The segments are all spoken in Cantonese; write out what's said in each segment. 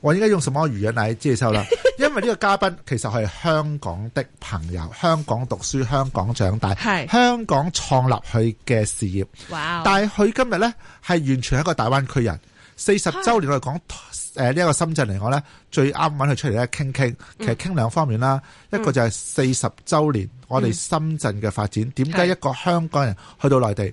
我而家用什麼語音嚟接收啦？因為呢個嘉賓其實係香港的朋友，香港讀書、香港長大、是香港創立佢嘅事業。Wow 但係佢今日呢係完全係一個大灣區人。四十週年我哋講，誒呢個個深圳嚟講呢，最啱揾佢出嚟咧傾傾。其實傾兩方面啦，嗯、一個就係四十週年我哋深圳嘅發展，點解、嗯、一個香港人去到內地？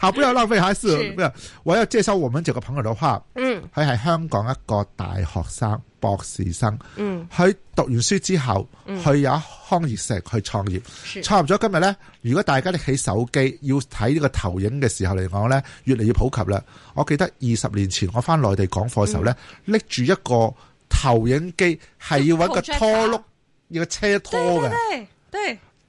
好，不要 浪費，還是為係？我有接收介紹我們個朋友的話，嗯，佢係香港一個大學生博士生，嗯，佢讀完書之後，嗯，佢有一腔熱石去創業，創錯咗今日咧。如果大家拎起手機要睇呢個投影嘅時候嚟講咧，越嚟越普及啦。我記得二十年前我翻內地講課嘅時候咧，拎住、嗯、一個投影機係、嗯、要搵個拖碌，要個車拖嘅，對。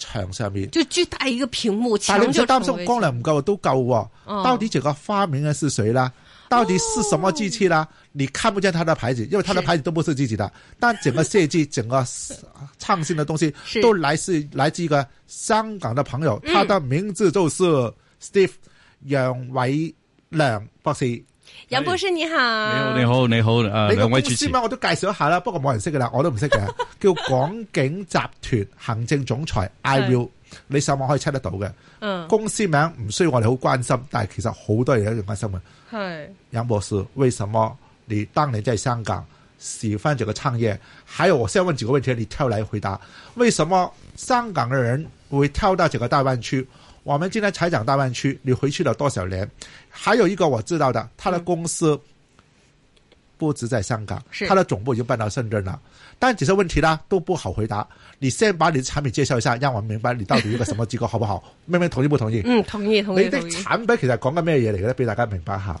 牆上面就巨大一個屏幕，其實你唔擔心光亮唔夠都夠、哦。嗯、到底整個發明人是誰呢？到底是什麼機器呢？哦、你看不見他的牌子，因為他的牌子都不是自己的。是但整個設計、 整個創新的東西是都來自來自一個香港的朋友，是他的名字就是 Steve 楊、嗯、偉樑博士。楊博士你好，你好，你好你好你好。啊你兩位主持，我都介紹一下啦，不過冇人識噶啦，我都唔識嘅， 叫廣景集團行政總裁 I will，是你上網可以 check 得到嘅，嗯，公司名唔需要我哋好關心，但係其實好多人都要關心嘅，係是，楊博士，為什麼你當年在香港喜歡這個創業？還有我先問幾個問題，你挑嚟回答，為什麼香港嘅人會跳到這個大灣區？我們今天才講大灣區，你回去了多少年？還有一個我知道的，他的公司不止在香港，嗯、他的總部已經搬到深圳了。是但這些問題呢都不好回答。你先把你的產品介紹一下，讓我們明白你到底有一個什麼機構好不好？妹妹 同意不同意？嗯，同意同意。同意你的產品其實講的咩嘢嚟嘅咧？俾大家明白下。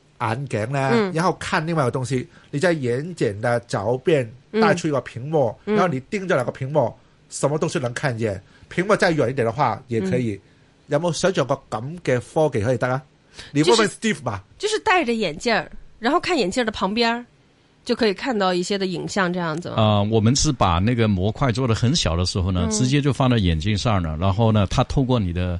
眼鏡呢，嗯、然後看另外一個東西。你在眼瞼的周邊、嗯、帶出一個屏幕，嗯、然後你盯着那個屏幕，什麼東西能看見？屏幕再遠一點的話，也可以。嗯、有冇想像過咁嘅科技？嗯、可以得啊？你問問 Steve 吧，就是。就是戴着眼鏡，然後看眼鏡的旁邊，就可以看到一些的影像這樣子。啊、呃，我們是把那個模塊做得很小的時候呢，嗯、直接就放到眼鏡上了。然後呢，它透過你的。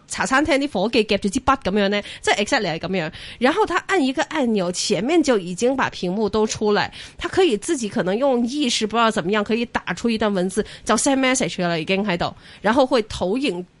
茶餐廳啲伙計夾住支筆咁樣呢，即係 exactly 係咁樣。然後他按一個按鈕，前面就已經把屏幕都出來，他可以自己可能用意識，不知道怎麼樣，可以打出一段文字就 send message 啦，已經喺度，然後會投影。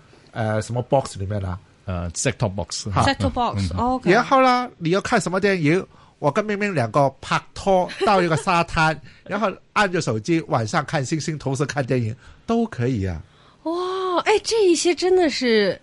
呃，什麼 box 裏面啦，啊？呃 set top box，set top box。然後呢，你要看什麼電影？我跟明明兩個拍拖到一個沙灘， 然後按着手機，晚上看星星，同時看電影都可以啊。哇，哎，這一些真的是。